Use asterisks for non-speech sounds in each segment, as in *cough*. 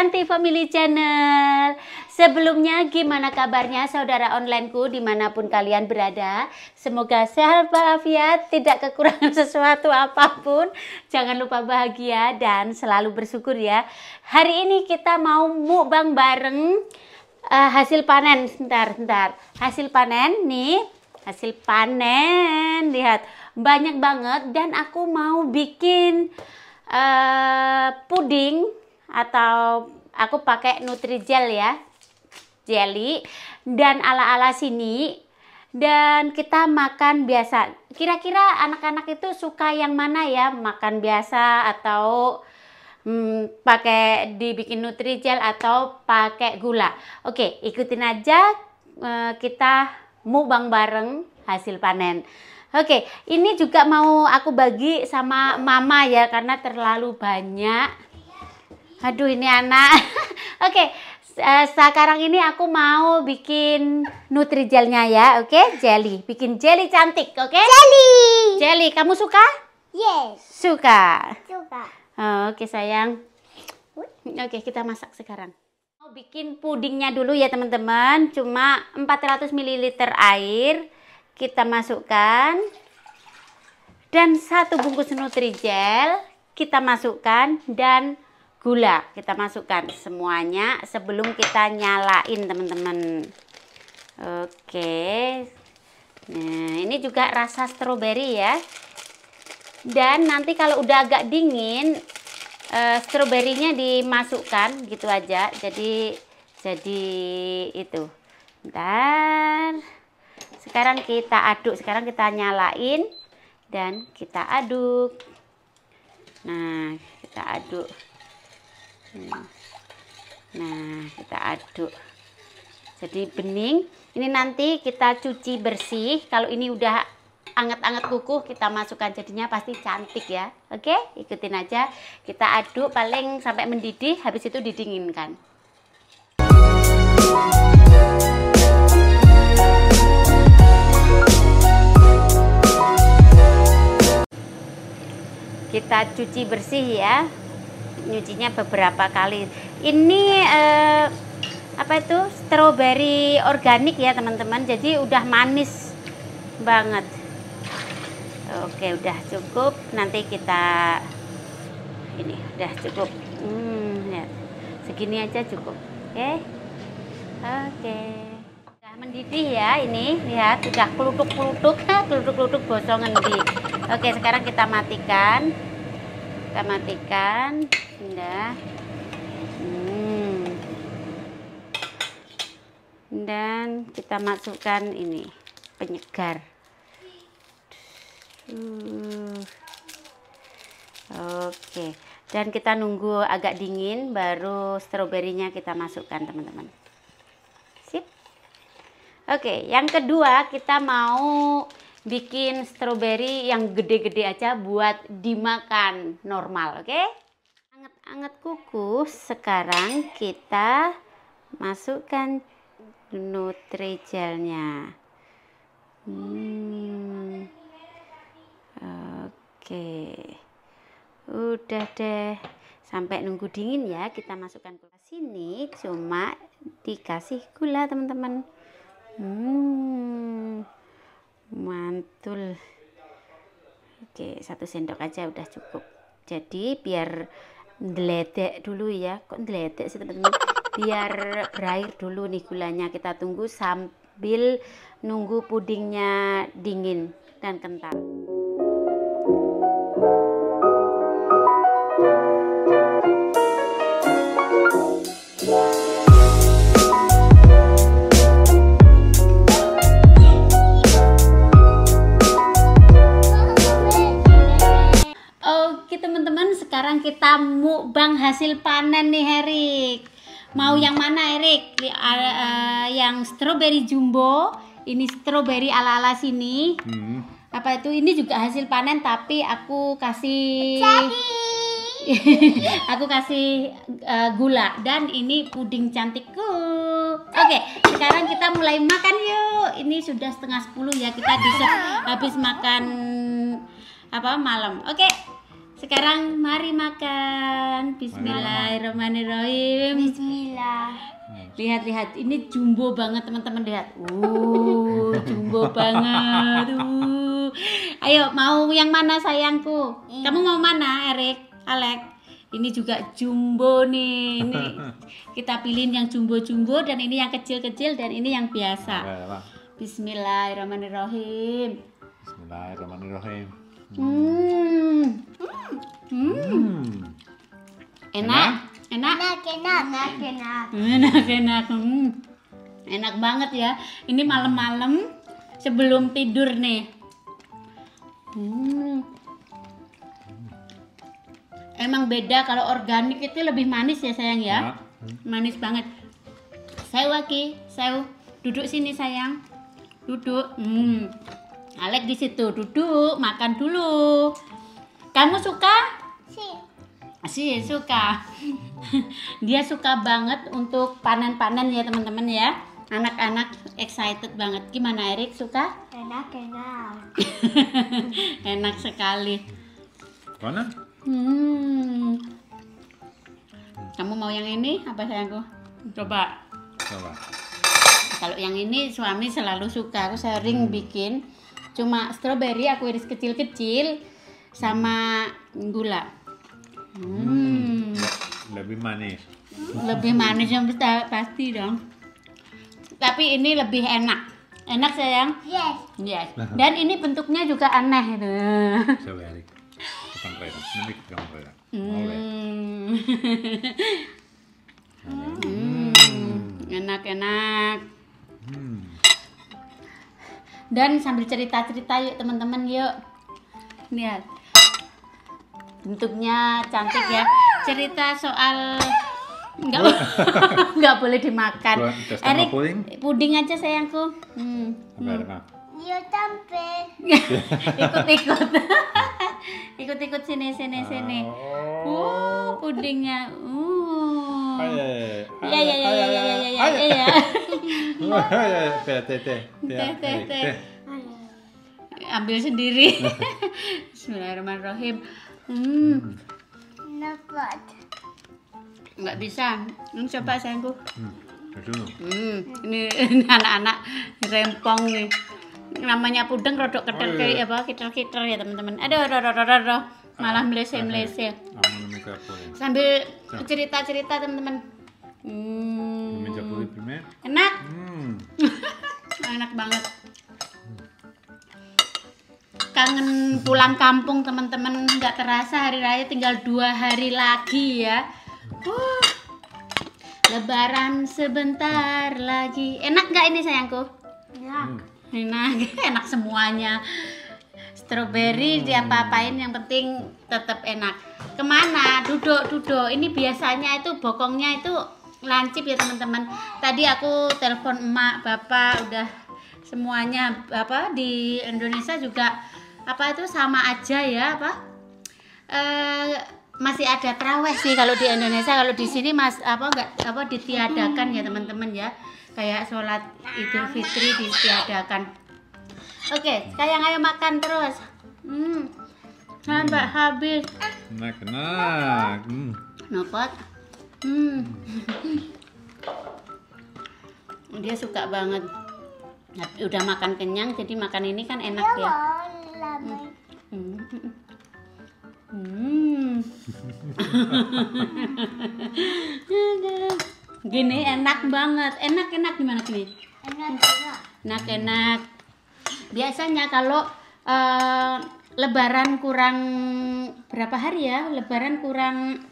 Yanti Family Channel. Sebelumnya gimana kabarnya saudara onlineku dimanapun kalian berada. Semoga sehat walafiat, tidak kekurangan *laughs* sesuatu apapun. Jangan lupa bahagia dan selalu bersyukur ya. Hari ini kita mau mukbang bareng uh, hasil panen. Sebentar, sebentar. Hasil panen nih, hasil panen. Lihat, banyak banget dan aku mau bikin uh, puding atau aku pakai Nutrijel ya jelly dan ala-ala sini dan kita makan biasa. Kira-kira anak-anak itu suka yang mana ya? Makan biasa atau hmm, pakai dibikin nutrijel atau pakai gula. Oke, ikutin aja eh, kita mubang bareng hasil panen. Oke, ini juga mau aku bagi sama mama ya karena terlalu banyak aduh ini anak *laughs* oke okay. Eh, sekarang ini aku mau bikin nutrijelnya ya, oke? Okay? Jelly, bikin jelly cantik, oke? Okay? Jelly. Jelly, kamu suka? Yes. Suka. Suka. Oh, oke okay, sayang. Oke, okay, kita masak sekarang. Mau bikin pudingnya dulu ya teman-teman. Cuma 400 ml air kita masukkan dan satu bungkus nutrijel kita masukkan dan gula kita masukkan semuanya sebelum kita nyalain teman-teman oke nah ini juga rasa stroberi ya dan nanti kalau udah agak dingin uh, eh, stroberinya dimasukkan gitu aja jadi jadi itu dan sekarang kita aduk sekarang kita nyalain dan kita aduk nah kita aduk nah, kita aduk jadi bening ini nanti kita cuci bersih kalau ini udah anget-anget kukuh kita masukkan jadinya pasti cantik ya oke ikutin aja kita aduk paling sampai mendidih habis itu didinginkan kita cuci bersih ya nyucinya beberapa kali. Ini eh, apa itu? Stroberi organik ya, teman-teman. Jadi udah manis banget. Oke, udah cukup. Nanti kita ini udah cukup. Hmm, ya. Segini aja cukup. Oke. Oke. Udah mendidih ya ini. Lihat, udah kelutuk-kelutuk, *laughs* kelutuk-kelutuk bosongan di. Oke, sekarang kita matikan kita matikan indah hmm. dan kita masukkan ini penyegar uh. oke dan kita nunggu agak dingin baru stroberinya kita masukkan teman-teman sip oke yang kedua kita mau bikin stroberi yang gede-gede aja buat dimakan normal, oke? Okay? Anget-anget kukus, sekarang kita masukkan nutrijelnya. Hmm. Oke. Okay. Udah deh. Sampai nunggu dingin ya, kita masukkan ke sini cuma dikasih gula, teman-teman. Hmm mantul oke satu sendok aja udah cukup jadi biar ngeledek dulu ya kok ngeledek sih teman-teman biar berair dulu nih gulanya kita tunggu sambil nunggu pudingnya dingin dan kental sekarang kita mukbang hasil panen nih Erik. Mau hmm. yang mana Erik? Eh, eh, yang strawberry jumbo. Ini strawberry ala-ala sini. Hmm. Apa itu? Ini juga hasil panen tapi aku kasih *laughs* aku kasih eh, gula dan ini puding cantikku. Oke, sekarang kita mulai makan yuk. Ini sudah setengah sepuluh ya kita bisa habis makan apa malam. Oke. Sekarang mari makan. Bismillahirrahmanirrahim. Bismillah. Lihat-lihat, ini jumbo banget teman-teman lihat. Uh, jumbo banget. Uh. Ayo, mau yang mana sayangku? Iya. Kamu mau mana, Erik? Alek? ini juga jumbo nih ini *laughs* kita pilih yang jumbo-jumbo dan ini yang kecil-kecil dan ini yang biasa iya, Bismillahirrahmanirrahim Bismillahirrahmanirrahim Hmm. Hmm. Enak? Enak? Enak, enak, enak, enak. Hmm, enak, enak. Hmm. Enak banget ya. Ini malam-malam sebelum tidur nih. Hmm. Emang beda kalau organik itu lebih manis ya sayang ya. ya. Manis banget. Saya Waki, saya duduk sini sayang. Duduk. Hmm. Alek di situ duduk makan dulu. Kamu suka? Si. Si suka. *laughs* Dia suka banget untuk panen-panen ya teman-teman ya. Anak-anak excited banget. Gimana Erik suka? Enak enak. *laughs* enak sekali. Mana? Hmm. Kamu mau yang ini apa sayangku? Coba. Coba. Kalau yang ini suami selalu suka. Aku sering hmm. bikin cuma stroberi aku iris kecil-kecil sama gula hmm. hmm. lebih manis lebih manis yang pasti dong tapi ini lebih enak enak sayang yes yes nah. dan ini bentuknya juga aneh itu bukan pera ini bukan enak enak hmm. hmm. hmm dan sambil cerita-cerita yuk teman-teman yuk lihat bentuknya cantik ya cerita soal nggak *laughs* nggak boleh dimakan Erik puding? aja sayangku hmm. hmm. Yo iya, sampai *laughs* ikut-ikut *laughs* ikut-ikut sini sini sini oh. uh pudingnya Oh. Iya iya iya iya iya iya iya iya. *laughs* Teh teh teh. Teh teh teh. Ambil sendiri. *laughs* Bismillahirrahmanirrahim. Hmm. Nafas. Enggak bisa. Ini hmm, coba hmm. sayangku. Hmm. hmm ini *laughs* anak-anak rempong nih. Namanya pudeng rodok keter oh, iya. kayak apa kiter-kiter ya teman-teman. Aduh, aduh, aduh, aduh, aduh. Malah ah, melese-melese. Sambil cerita-cerita teman-teman. Hmm. Enak. Hmm. *laughs* Enak banget. Kangen pulang kampung teman-teman nggak terasa hari raya tinggal dua hari lagi ya. Uh. Lebaran sebentar lagi. Enak nggak ini sayangku? Enak. Enak, *laughs* enak semuanya stroberi hmm. diapa-apain yang penting tetap enak kemana duduk-duduk ini biasanya itu bokongnya itu lancip ya teman-teman tadi aku telepon emak bapak udah semuanya apa di Indonesia juga apa itu sama aja ya apa e, masih ada traweh sih kalau di Indonesia kalau di sini mas apa enggak apa ditiadakan ya teman-teman ya kayak sholat idul fitri ditiadakan Oke, sekarang ayo makan terus. Hmm. Sampai kan, hmm. habis. Enak, enak. Hmm. Nopot. Hmm. Dia suka banget. Udah makan kenyang, jadi makan ini kan enak ya. Iya, hmm. Hmm. *laughs* gini enak banget. Enak-enak gimana gini? Enak-enak. Enak-enak biasanya kalau uh, lebaran kurang berapa hari ya lebaran kurang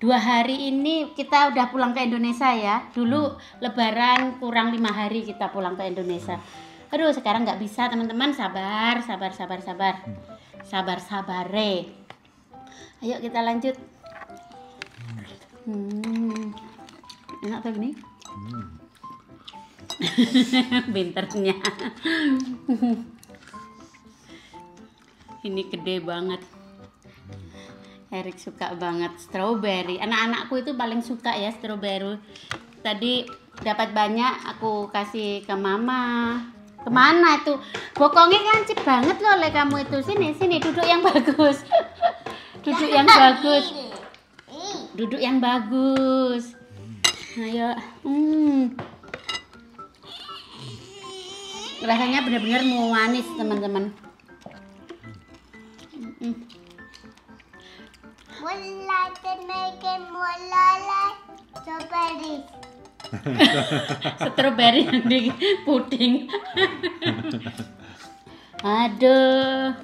dua hari ini kita udah pulang ke Indonesia ya dulu hmm. lebaran kurang lima hari kita pulang ke Indonesia aduh sekarang nggak bisa teman-teman sabar sabar sabar sabar hmm. sabar sabare ayo kita lanjut hmm. hmm. enak tuh ini hmm. Pinternya. *laughs* Ini gede banget. Erik suka banget strawberry. Anak-anakku itu paling suka ya strawberry. Tadi dapat banyak aku kasih ke mama. Kemana itu? Bokongnya lancip banget loh oleh kamu itu. Sini, sini duduk yang bagus. *laughs* duduk yang bagus. Duduk yang bagus. Ayo. Hmm rasanya benar-benar manis teman-teman strawberry strawberry yang di puding *laughs* aduh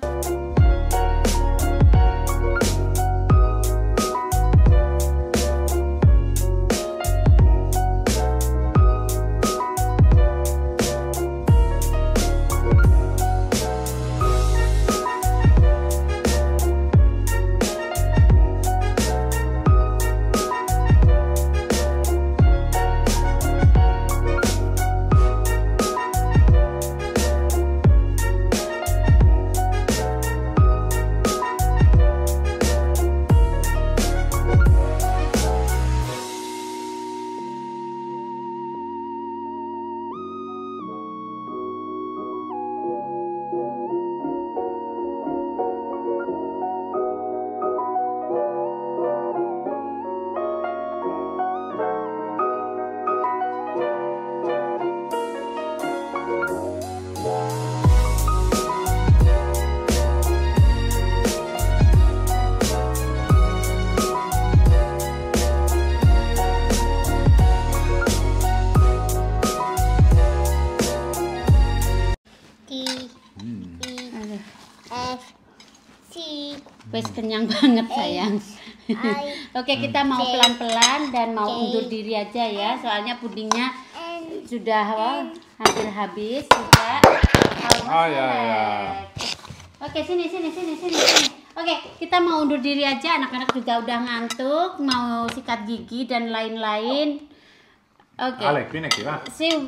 Wes kenyang banget sayang. Oke, okay, kita mau pelan-pelan dan mau undur diri aja ya. Soalnya pudingnya sudah oh, hampir habis juga. Oh, ya, ya. Oke, sini sini sini sini sini. Oke, kita mau undur diri aja. Anak-anak juga udah ngantuk, mau sikat gigi dan lain-lain. Oke. Okay.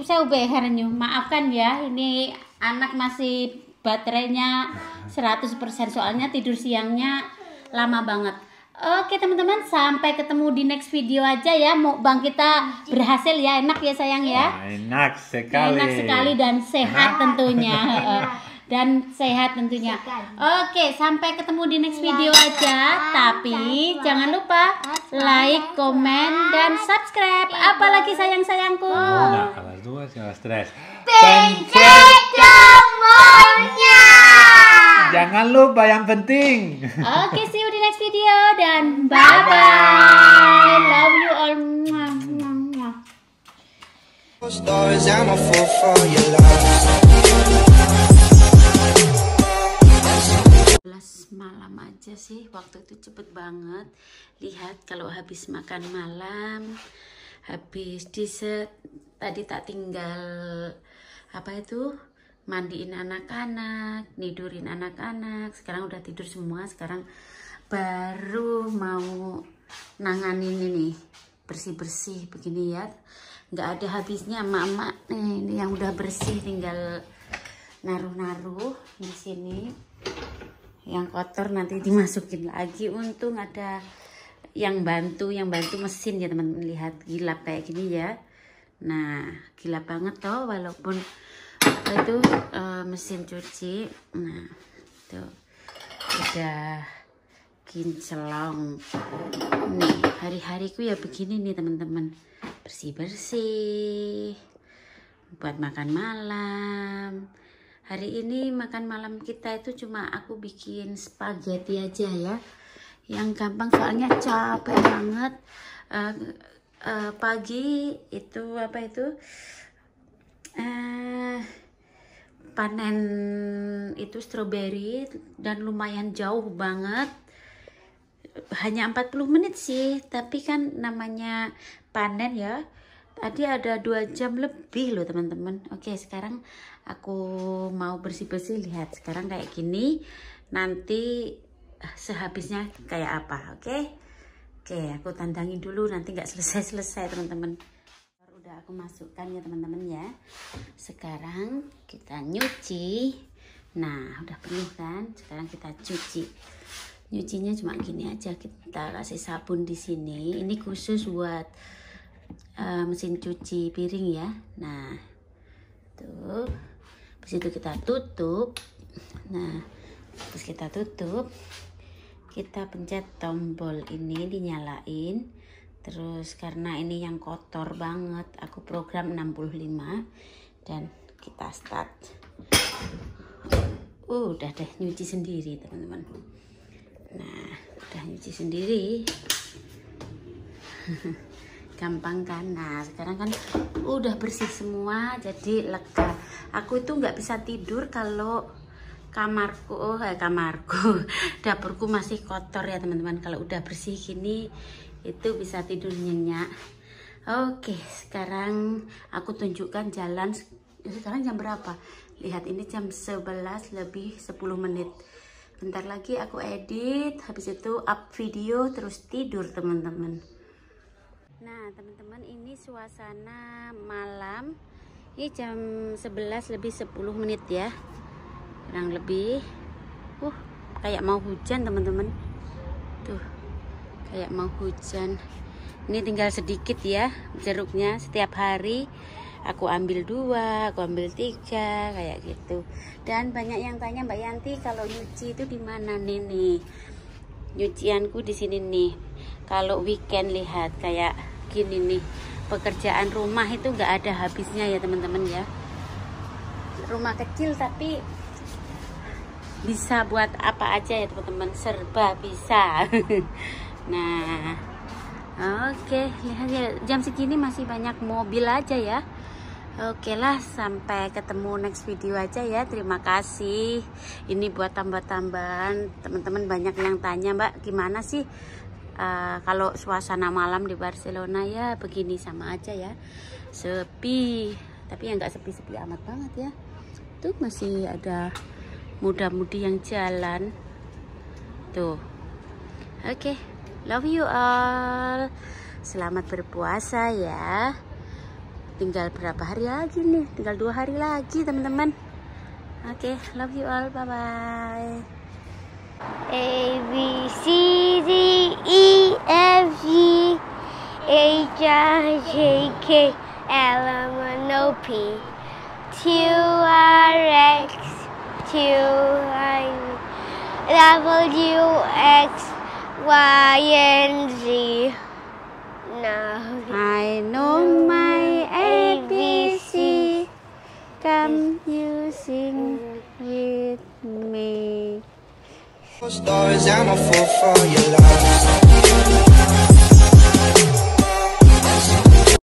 Saya ubah Maafkan ya, ini anak masih baterainya 100% soalnya tidur siangnya lama banget Oke teman-teman sampai ketemu di next video aja ya mukbang kita ah, berhasil ya enak ya sayang ya. ya enak sekali enak sekali dan sehat enak. tentunya *laughs* *laughs* dan sehat tentunya Oke sampai ketemu di next iya, video aja tapi jangan lupa like komen dan subscribe iya. apalagi sayang sayangku oh, Thank you ketemunya. Jangan lupa yang penting. Oke, see you di next video dan bye bye. Love you all. Stories, I'm a fool for your love. malam aja sih waktu itu cepet banget lihat kalau habis makan malam habis dessert tadi tak tinggal apa itu mandiin anak-anak, nidurin anak-anak. Sekarang udah tidur semua, sekarang baru mau nanganin ini bersih-bersih begini ya. Nggak ada habisnya mama. nih ini yang udah bersih tinggal naruh-naruh di sini. Yang kotor nanti dimasukin lagi. Untung ada yang bantu, yang bantu mesin ya teman-teman. Lihat gila kayak gini ya. Nah, gila banget toh walaupun itu uh, mesin cuci nah itu udah kincelong nih hari-hariku ya begini nih teman-teman bersih-bersih buat makan malam hari ini makan malam kita itu cuma aku bikin spaghetti aja ya yang gampang soalnya capek banget uh, uh, pagi itu apa itu Eh, panen itu stroberi dan lumayan jauh banget hanya 40 menit sih tapi kan namanya panen ya tadi ada dua jam lebih loh teman-teman oke sekarang aku mau bersih-bersih lihat sekarang kayak gini nanti eh, sehabisnya kayak apa oke oke aku tandangin dulu nanti nggak selesai-selesai teman-teman udah aku masukkan ya teman-teman ya sekarang kita nyuci nah udah penuh kan sekarang kita cuci nyucinya cuma gini aja kita kasih sabun di sini ini khusus buat uh, mesin cuci piring ya nah tuh habis itu kita tutup nah terus kita tutup kita pencet tombol ini dinyalain terus karena ini yang kotor banget aku program 65 dan kita start uh, udah deh nyuci sendiri teman-teman nah udah nyuci sendiri *laughs* gampang kan nah sekarang kan udah bersih semua jadi lega aku itu nggak bisa tidur kalau kamarku oh eh, kamarku *laughs* dapurku masih kotor ya teman-teman kalau udah bersih gini itu bisa tidur nyenyak oke sekarang aku tunjukkan jalan sekarang jam berapa lihat ini jam 11 lebih 10 menit bentar lagi aku edit habis itu up video terus tidur teman-teman nah teman-teman ini suasana malam ini jam 11 lebih 10 menit ya kurang lebih uh kayak mau hujan teman-teman tuh kayak mau hujan ini tinggal sedikit ya jeruknya setiap hari aku ambil dua aku ambil tiga kayak gitu dan banyak yang tanya Mbak Yanti kalau nyuci itu di mana nih nih nyucianku di sini nih kalau weekend lihat kayak gini nih pekerjaan rumah itu enggak ada habisnya ya teman-teman ya rumah kecil tapi bisa buat apa aja ya teman-teman serba bisa *laughs* nah oke okay, lihat ya jam segini masih banyak mobil aja ya Oke okay lah, sampai ketemu next video aja ya. Terima kasih. Ini buat tambah-tambahan. Teman-teman banyak yang tanya, Mbak, gimana sih uh, kalau suasana malam di Barcelona ya begini sama aja ya. Sepi, tapi yang nggak sepi-sepi amat banget ya. Tuh masih ada muda-mudi yang jalan. Tuh. Oke. Okay. Love you all. Selamat berpuasa ya. Tinggal berapa hari lagi nih? Tinggal dua hari lagi teman-teman. Oke, okay, love you all. Bye bye. A B C D E F G H I J K L M N O P Q R X Q I W X Y and No. I know my ABC. Come you sing with me. Stories a fool for your love.